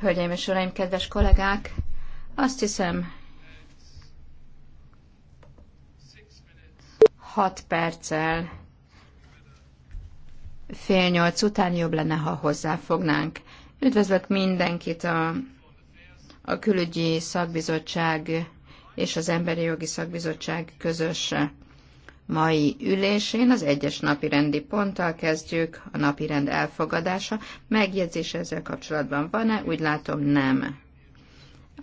Hölgyeim és uraim, kedves kollégák, azt hiszem, hat perccel fél nyolc után jobb lenne, ha hozzáfognánk. Üdvözlök mindenkit a, a külügyi szakbizottság és az emberi jogi szakbizottság közös mai ülésén az egyes napi rendi ponttal kezdjük, a napi rend elfogadása. Megjegyzés ezzel kapcsolatban van-e? Úgy látom nem.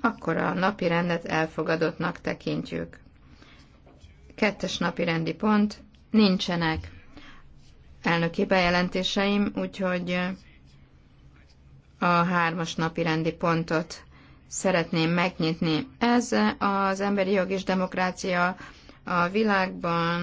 Akkor a napi rendet elfogadottnak tekintjük. Kettes napi rendi pont nincsenek elnöki bejelentéseim, úgyhogy a hármas napi rendi pontot szeretném megnyitni. Ez az Emberi Jog és Demokrácia a világban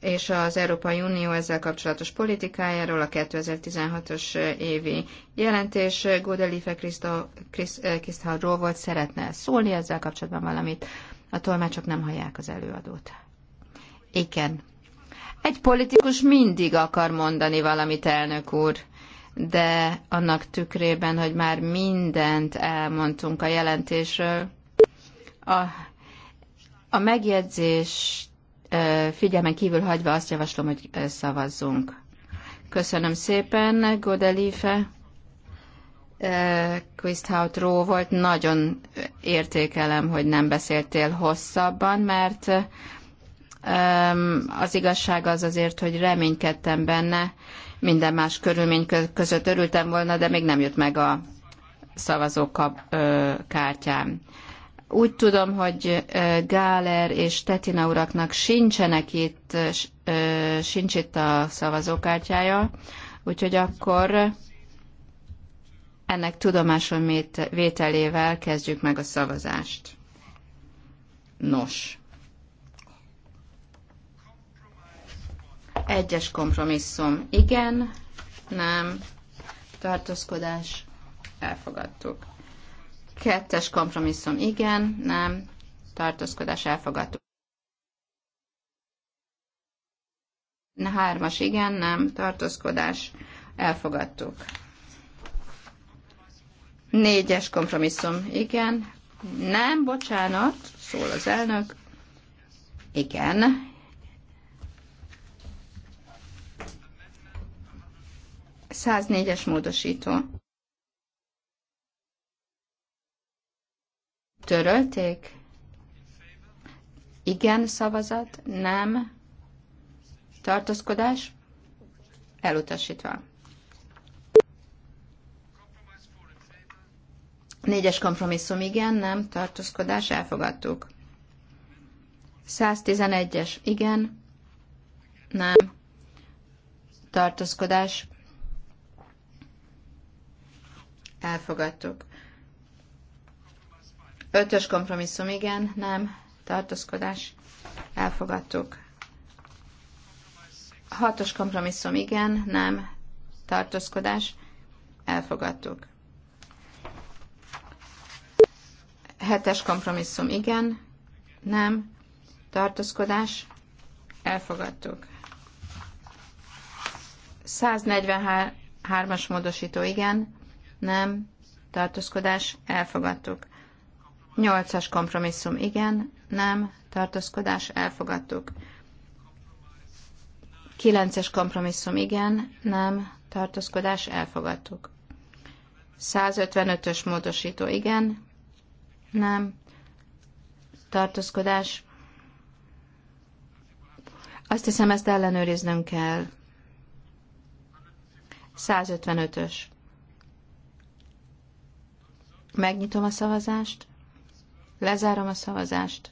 és az Európai Unió ezzel kapcsolatos politikájáról a 2016-os évi jelentés. Godelife Krisztálról eh, volt, szeretne szólni ezzel kapcsolatban valamit. A tolmácsok nem hallják az előadót. Igen. Egy politikus mindig akar mondani valamit, elnök úr de annak tükrében, hogy már mindent elmondtunk a jelentésről, a a megjegyzés figyelmen kívül hagyva azt javaslom, hogy szavazzunk. Köszönöm szépen, Godelife. Quisthout Ró volt, nagyon értékelem, hogy nem beszéltél hosszabban, mert az igazság az azért, hogy reménykedtem benne, minden más körülmény között örültem volna, de még nem jött meg a szavazókártyám. Úgy tudom, hogy Gáler és Tetina uraknak sincsenek itt, sincs itt a szavazókártyája, úgyhogy akkor ennek tudomásul vételével kezdjük meg a szavazást. Nos. Egyes kompromisszum. Igen, nem, tartózkodás, elfogadtuk. Kettes kompromisszum igen, nem, tartózkodás Na, Hármas igen, nem, tartózkodás elfogadtuk. Négyes kompromisszum igen, nem, bocsánat, szól az elnök. Igen, száznégyes módosító. Törölték? Igen szavazat, nem. Tartózkodás? Elutasítva. Négyes kompromisszum igen, nem, tartózkodás, elfogadtuk. 111-es igen, nem, tartózkodás, elfogadtuk. Ötös kompromisszum, igen, nem, tartózkodás, elfogadtuk. Hatos kompromisszum, igen, nem, tartózkodás, elfogadtuk. Hetes kompromisszum, igen, nem, tartózkodás, elfogadtuk. 143-as módosító, igen, nem, tartózkodás, elfogadtuk. Nyolcas kompromisszum igen, nem, tartózkodás, elfogadtuk. Kilences kompromisszum igen, nem, tartózkodás, elfogadtuk. 155-ös módosító igen, nem, tartózkodás. Azt hiszem, ezt ellenőriznem kell. 155-ös. Megnyitom a szavazást. Lezárom a szavazást.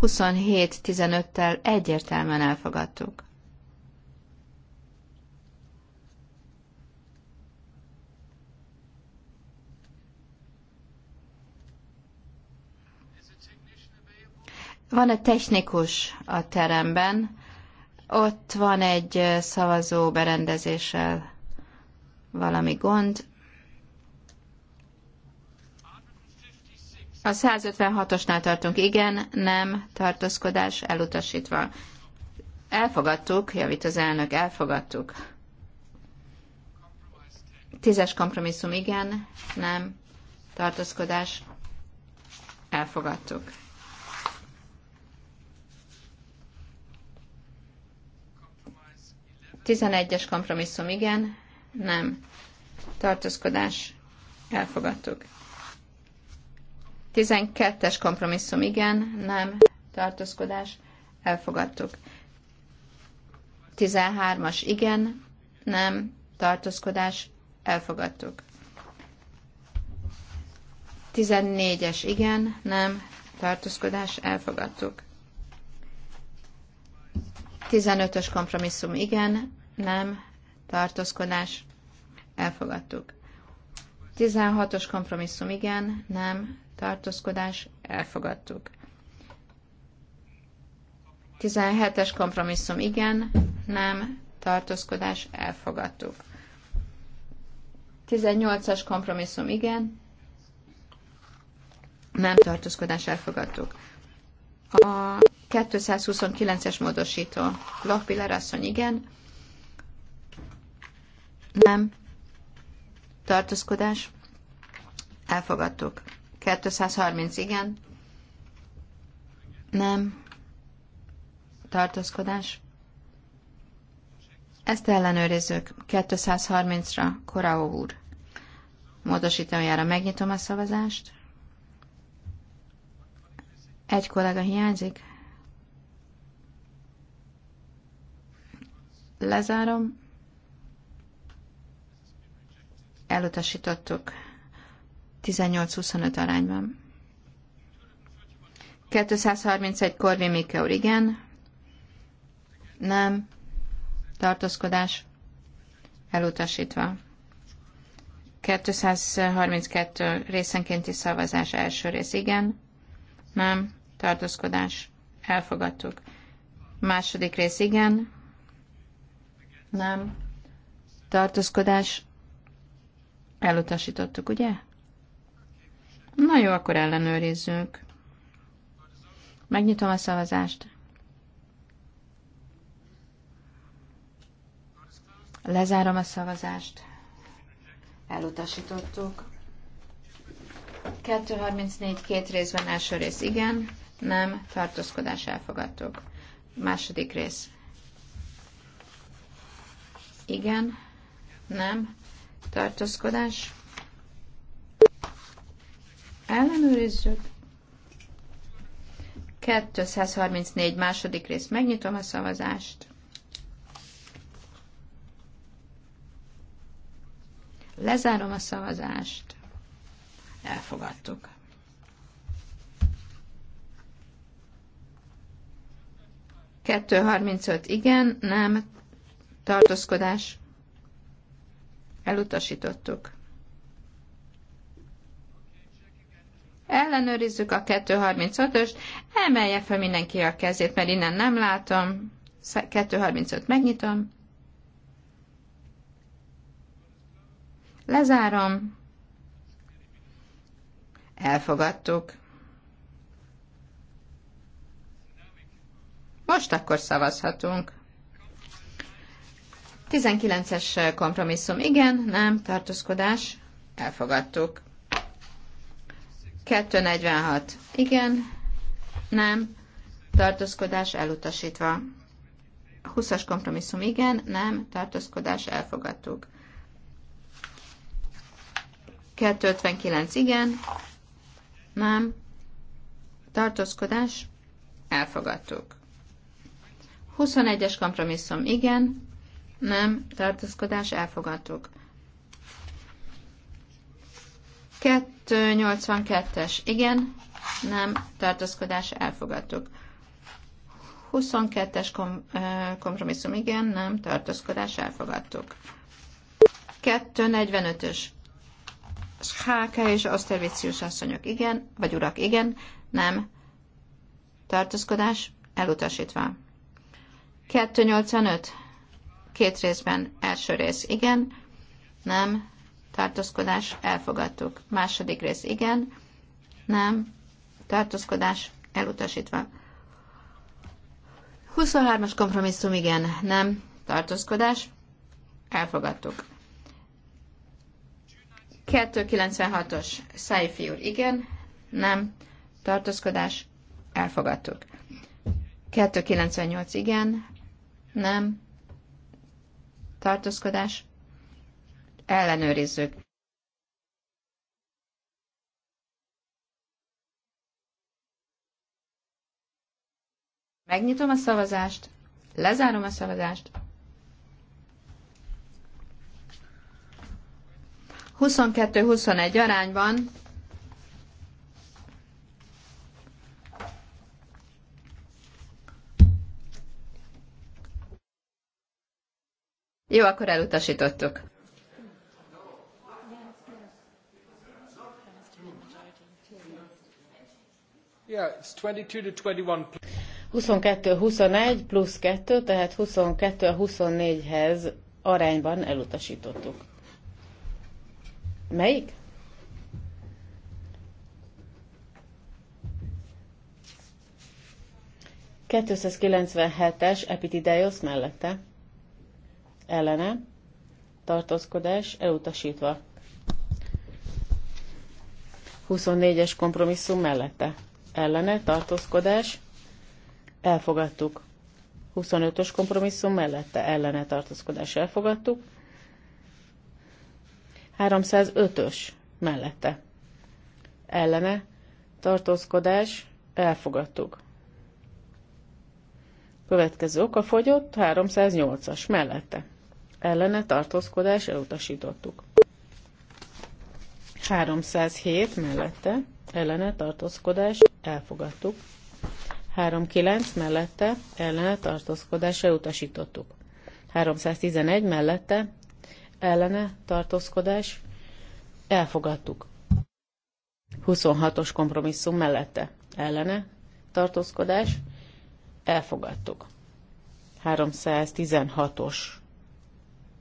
27-15-tel egyértelműen elfogadtuk. Van egy technikus a teremben, ott van egy szavazó berendezéssel valami gond, A 156-osnál tartunk, igen, nem, tartózkodás elutasítva. Elfogadtuk, javít az elnök, elfogadtuk. Tízes kompromisszum, igen, nem, tartózkodás, elfogadtuk. Tizenegyes kompromisszum, igen, nem, tartózkodás, elfogadtuk. 12-es kompromisszum igen, nem, tartózkodás, elfogadtuk. 13-as igen, nem, tartózkodás, elfogadtuk. 14-es igen, nem, tartózkodás, elfogadtuk. 15-ös kompromisszum igen, nem, tartózkodás, elfogadtuk. 16-os kompromisszum igen, nem, tartózkodás, elfogadtuk. 17-es kompromisszum igen, nem, tartózkodás, elfogadtuk. 18-as kompromisszum igen, nem tartózkodás, elfogadtuk. A 229-es módosító, Lachpiller asszony igen, nem, tartózkodás, elfogadtuk. 230 igen, nem, tartózkodás. Ezt ellenőrizzük 230-ra, Koraó úr. Módosítójára megnyitom a szavazást. Egy kollega hiányzik. Lezárom elutasítottuk 18-25 arányban. 231 Korvin Mikkel igen. Nem. Tartózkodás. Elutasítva. 232 részenkénti szavazás első rész, igen. Nem. Tartózkodás. Elfogadtuk. Második rész, igen. Nem. Tartózkodás. Elutasítottuk, ugye? Na jó, akkor ellenőrizzünk. Megnyitom a szavazást. Lezárom a szavazást. Elutasítottuk. 234 két részben első rész igen, nem, tartózkodás elfogadtuk. Második rész. Igen, nem, tartózkodás. Ellenőrizzük. 234 második rész. Megnyitom a szavazást. Lezárom a szavazást. Elfogadtuk. Kettő harmincöt igen, nem, tartózkodás Elutasítottuk. Ellenőrizzük a 235-öst, emelje fel mindenki a kezét, mert innen nem látom. 235 megnyitom. Lezárom. Elfogadtuk. Most akkor szavazhatunk. 19-es eh, kompromisszum. Igen, nem, tartózkodás. Elfogadtuk. 246. Igen, nem, tartózkodás elutasítva. 20-as kompromisszum. Igen, nem, tartózkodás elfogadtuk. 259. Igen, nem, tartózkodás elfogadtuk. 21-es kompromisszum. Igen, nem, tartózkodás, elfogadtuk. 282-es, igen, nem, tartózkodás, elfogadtuk. 22-es kom, kompromisszum, igen, nem, tartózkodás, elfogadtuk. 245-ös, HK és Osztervicius asszonyok, igen, vagy urak, igen, nem, tartózkodás, elutasítva. 285, Két részben. Első rész igen, nem, tartózkodás, elfogadtuk. Második rész igen, nem, tartózkodás, elutasítva. 23-as kompromisszum igen, nem, tartózkodás, elfogadtuk. 296-os Szájfi úr igen, nem, tartózkodás, elfogadtuk. 298 igen, nem, tartózkodás, ellenőrizzük. Megnyitom a szavazást, lezárom a szavazást. 22-21 arányban Jó, akkor elutasítottuk. Yeah, 22-21 plusz 2, tehát 22-24-hez arányban elutasítottuk. Melyik? Kettőszázkilencvenhetes Epitideios mellette ellene, tartózkodás elutasítva. 24-es kompromisszum mellette, ellene, tartózkodás, elfogadtuk. 25-ös kompromisszum mellette, ellene, tartózkodás, elfogadtuk. 305-ös mellette, ellene, tartózkodás, elfogadtuk. Következő oka fogyott, 308-as mellette ellene tartózkodás elutasítottuk. 307 mellette ellene tartózkodás elfogadtuk. 39 mellette ellene tartózkodás elutasítottuk. 311 mellette ellene tartózkodás elfogadtuk. 26-os kompromisszum mellette ellene tartózkodás elfogadtuk. 316-os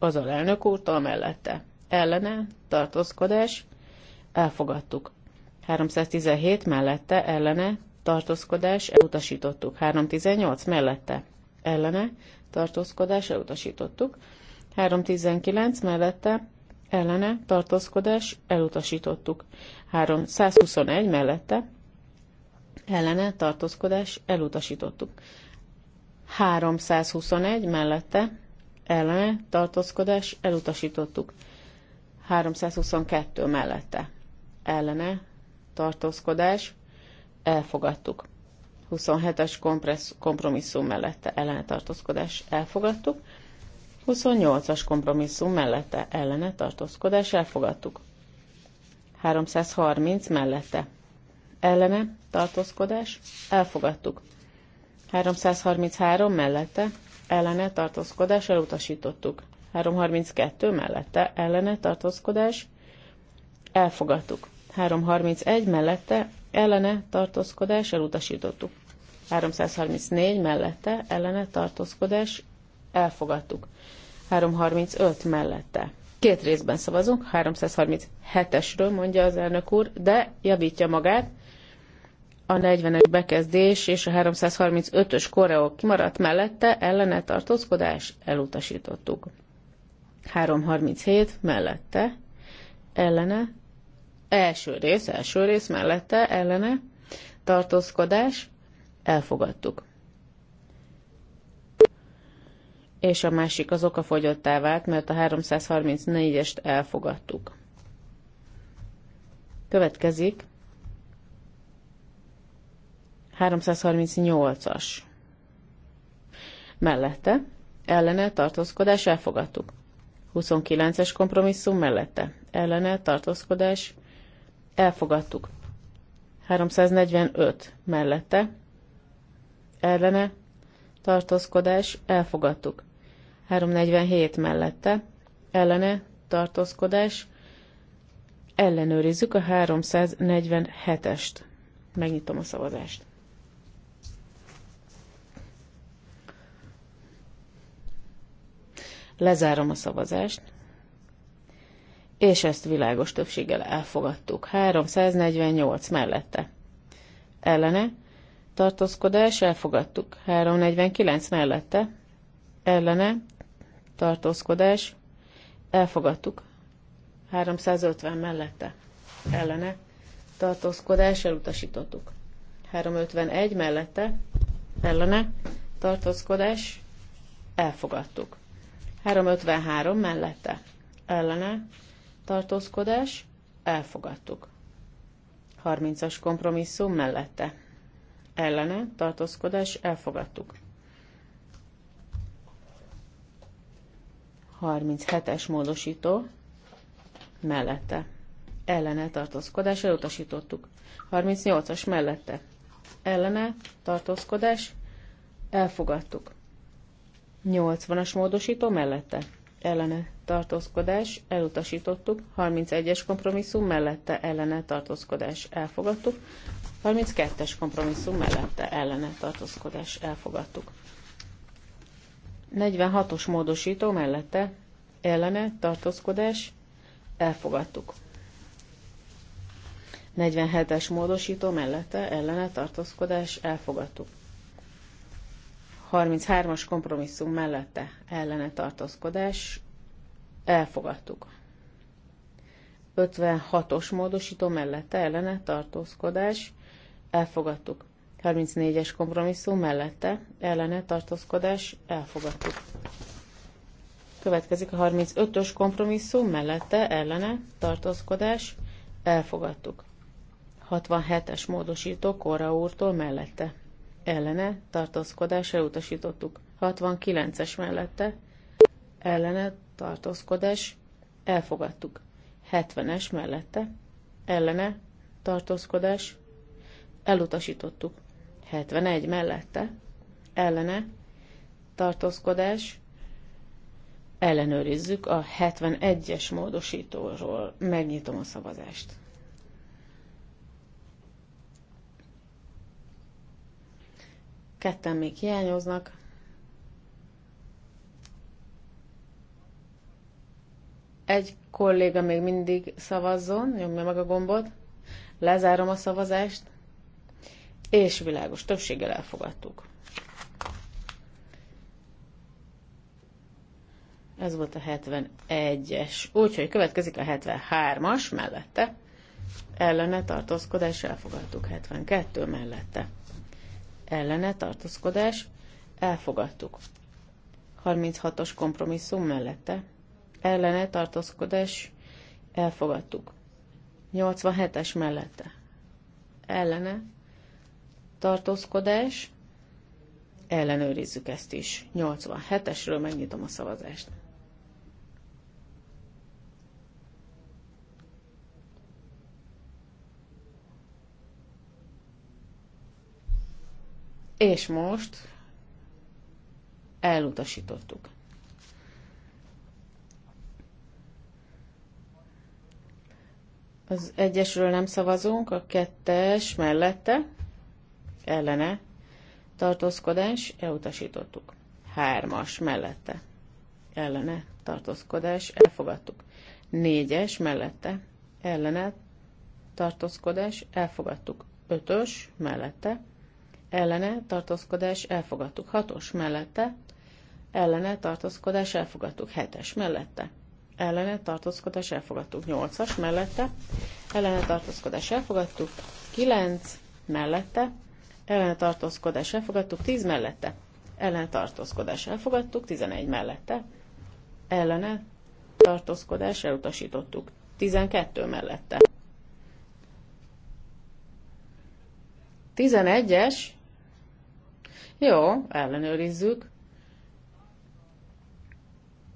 az elnök úrtól mellette. Ellene, tartózkodás, elfogadtuk. 317 mellette, ellene, tartózkodás, elutasítottuk. 318 mellette, ellene, tartózkodás, elutasítottuk. 319 mellette, ellene, tartózkodás, elutasítottuk. 321 mellette, ellene, tartózkodás, elutasítottuk. 321 mellette, ellene tartózkodás elutasítottuk. 322 mellette ellene tartózkodás elfogadtuk. 27-es kompromisszum mellette ellene tartózkodás elfogadtuk. 28-as kompromisszum mellette ellene tartózkodás elfogadtuk. 330 mellette ellene tartózkodás elfogadtuk. 333 mellette ellene tartózkodás elutasítottuk. 332 mellette ellene tartózkodás elfogadtuk. 331 mellette ellene tartózkodás elutasítottuk. 334 mellette ellene tartózkodás elfogadtuk. 335 mellette. Két részben szavazunk, 337-esről mondja az elnök úr, de javítja magát, a 40-es bekezdés és a 335-ös koreó kimaradt mellette ellene tartózkodás elutasítottuk. 337 mellette ellene első rész, első rész mellette ellene tartózkodás elfogadtuk. És a másik az fogyottá vált, mert a 334-est elfogadtuk. Következik 338-as. Mellette, ellene tartózkodás elfogadtuk. 29-es kompromisszum mellette, ellene tartózkodás elfogadtuk. 345 mellette, ellene tartózkodás elfogadtuk. 347 mellette, ellene tartózkodás ellenőrizzük a 347-est. Megnyitom a szavazást. Lezárom a szavazást. És ezt világos többséggel elfogadtuk. 348 mellette. Ellene. Tartózkodás elfogadtuk. 349 mellette. Ellene. Tartózkodás elfogadtuk. 350 mellette. Ellene. Tartózkodás elutasítottuk. 351 mellette. Ellene. Tartózkodás elfogadtuk. 353 mellette ellene tartózkodás elfogadtuk. 30-as kompromisszum mellette ellene tartózkodás elfogadtuk. 37-es módosító mellette ellene tartózkodás elutasítottuk. 38-as mellette ellene tartózkodás elfogadtuk. 80-as módosító mellette. Ellene tartózkodás elutasítottuk. 31-es kompromisszum mellette ellene tartózkodás elfogadtuk. 32-es kompromisszum mellette ellene tartózkodás elfogadtuk. 46-os módosító mellette ellene tartózkodás elfogadtuk. 47-es módosító mellette ellene tartózkodás elfogadtuk. 33-as kompromisszum mellette ellene tartózkodás elfogadtuk. 56-os módosító mellette ellene tartózkodás elfogadtuk. 34-es kompromisszum mellette ellene tartózkodás elfogadtuk. Következik a 35-ös kompromisszum mellette ellene tartózkodás elfogadtuk. 67-es módosító Kora úrtól mellette ellene tartózkodás elutasítottuk. 69-es mellette ellene tartózkodás elfogadtuk. 70-es mellette ellene tartózkodás elutasítottuk. 71 mellette ellene tartózkodás ellenőrizzük a 71-es módosítóról. Megnyitom a szavazást. ketten még hiányoznak. Egy kolléga még mindig szavazzon, nyomja meg a gombot, lezárom a szavazást, és világos többséggel elfogadtuk. Ez volt a 71-es. Úgyhogy következik a 73-as mellette. Ellene tartózkodás elfogadtuk 72 mellette ellene tartózkodás elfogadtuk. 36-os kompromisszum mellette ellene tartózkodás elfogadtuk. 87-es mellette ellene tartózkodás ellenőrizzük ezt is. 87-esről megnyitom a szavazást. és most elutasítottuk. Az egyesről nem szavazunk, a kettes mellette ellene tartózkodás elutasítottuk. Hármas mellette ellene tartózkodás elfogadtuk. Négyes mellette ellene tartózkodás elfogadtuk. Ötös mellette ellene tartózkodás elfogadtuk. Hatos mellette ellene tartózkodás elfogadtuk. Hetes mellette ellene tartózkodás elfogadtuk. Nyolcas mellette ellene tartózkodás elfogadtuk. Kilenc mellette ellene tartózkodás elfogadtuk. Tíz mellette ellene tartózkodás elfogadtuk. Tizenegy mellette ellene tartózkodás elutasítottuk. 12 mellette. 11-es jó, ellenőrizzük.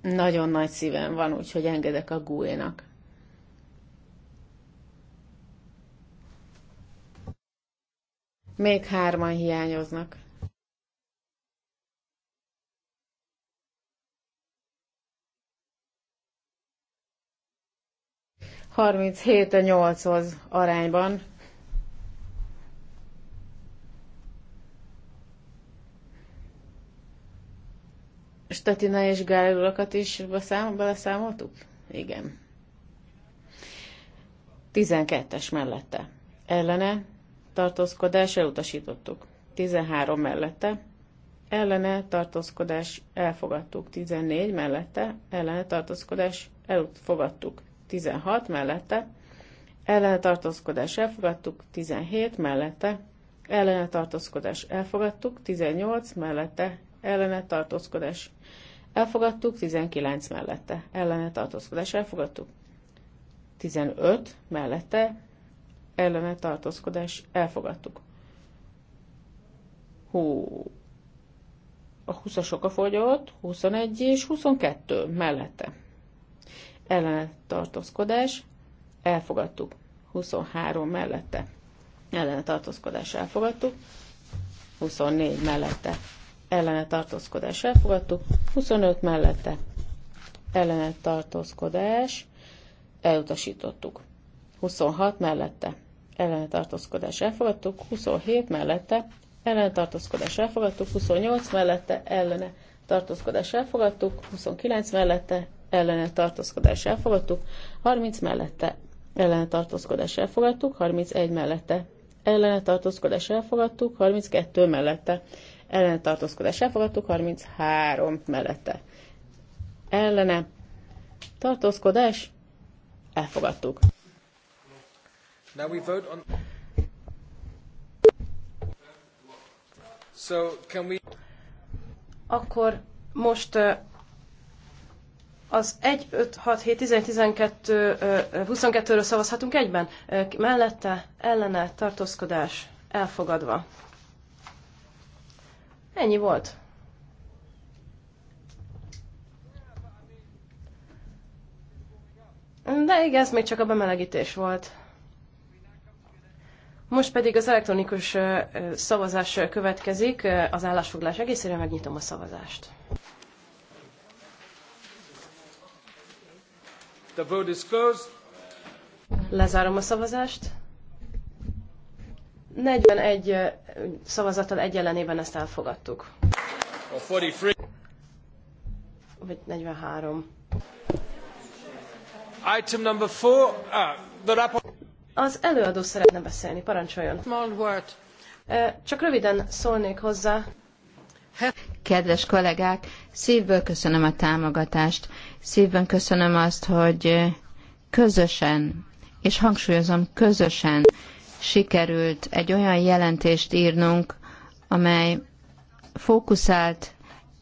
Nagyon nagy szívem van, úgyhogy engedek a Guénak. Még hárman hiányoznak. Harminchét a nyolchoz arányban Statina és Gál is beszám, beleszámoltuk? Igen. 12-es mellette. Ellene tartózkodás elutasítottuk. 13 mellette. Ellene tartózkodás elfogadtuk. 14 mellette. Ellene tartózkodás elfogadtuk. 16 mellette. Ellene tartózkodás elfogadtuk. 17 mellette. Ellene tartózkodás elfogadtuk. 18 mellette ellene tartózkodás elfogadtuk, 19 mellette ellene tartózkodás elfogadtuk, 15 mellette ellene tartózkodás elfogadtuk. Hú, a 20-asok a fogyott, 21 és 22 mellette. Ellene tartózkodás elfogadtuk, 23 mellette ellene tartózkodás elfogadtuk, 24 mellette ellene tartózkodás elfogadtuk, 25 mellette ellene tartózkodás elutasítottuk, 26 mellette ellene tartózkodás elfogadtuk, 27 mellette ellene tartózkodás elfogadtuk, 28 mellette ellene tartózkodás elfogadtuk, 29 mellette ellene tartózkodás elfogadtuk, 30 mellette ellene tartózkodás elfogadtuk, 31 mellette ellene tartózkodás elfogadtuk, 32 mellette ellene tartózkodás elfogadtuk, 33 mellette ellene tartózkodás elfogadtuk. Now we vote on... So can we... Akkor most az 1, 5, 6, 7, 11, 12, 22-ről szavazhatunk egyben? Mellette, ellene, tartózkodás, elfogadva. Ennyi volt. De igen, ez még csak a bemelegítés volt. Most pedig az elektronikus szavazás következik, az állásfoglás egészére megnyitom a szavazást. The vote is closed. Lezárom a szavazást. 41 szavazattal egy ellenében ezt elfogadtuk. Vagy 43. Item number four, uh, Az előadó szeretne beszélni, parancsoljon. Small word. Csak röviden szólnék hozzá. Kedves kollégák, szívből köszönöm a támogatást, szívből köszönöm azt, hogy közösen, és hangsúlyozom, közösen sikerült egy olyan jelentést írnunk, amely fókuszált,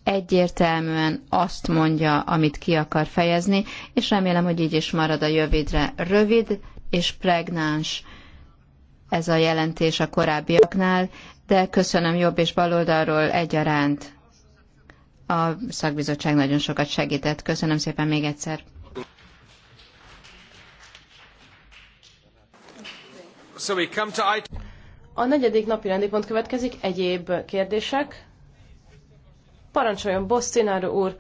egyértelműen azt mondja, amit ki akar fejezni, és remélem, hogy így is marad a jövidre. Rövid és pregnáns ez a jelentés a korábbiaknál, de köszönöm jobb és baloldalról egyaránt. A szakbizottság nagyon sokat segített. Köszönöm szépen még egyszer. So we come to item... A negyedik napi rendi pont következik, egyéb kérdések. Parancsoljon Bosszináró úr.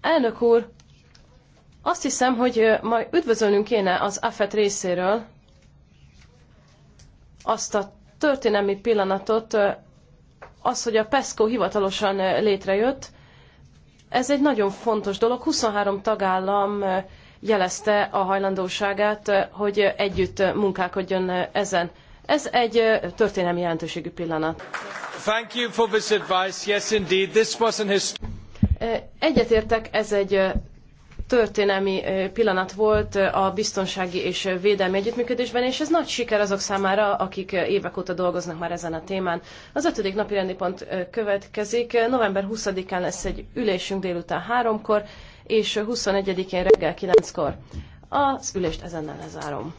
Elnök úr, azt hiszem, hogy majd üdvözölnünk kéne az AFET részéről azt a történelmi pillanatot, az, hogy a PESCO hivatalosan létrejött, ez egy nagyon fontos dolog. 23 tagállam jelezte a hajlandóságát, hogy együtt munkálkodjon ezen. Ez egy történelmi jelentőségű pillanat. Thank you for this advice. Yes, indeed. This was an Egyetértek, ez egy történelmi pillanat volt a biztonsági és védelmi együttműködésben, és ez nagy siker azok számára, akik évek óta dolgoznak már ezen a témán. Az ötödik napi rendi pont következik. November 20-án lesz egy ülésünk délután háromkor, és 21-én reggel 9-kor. Az ülést ezennel lezárom.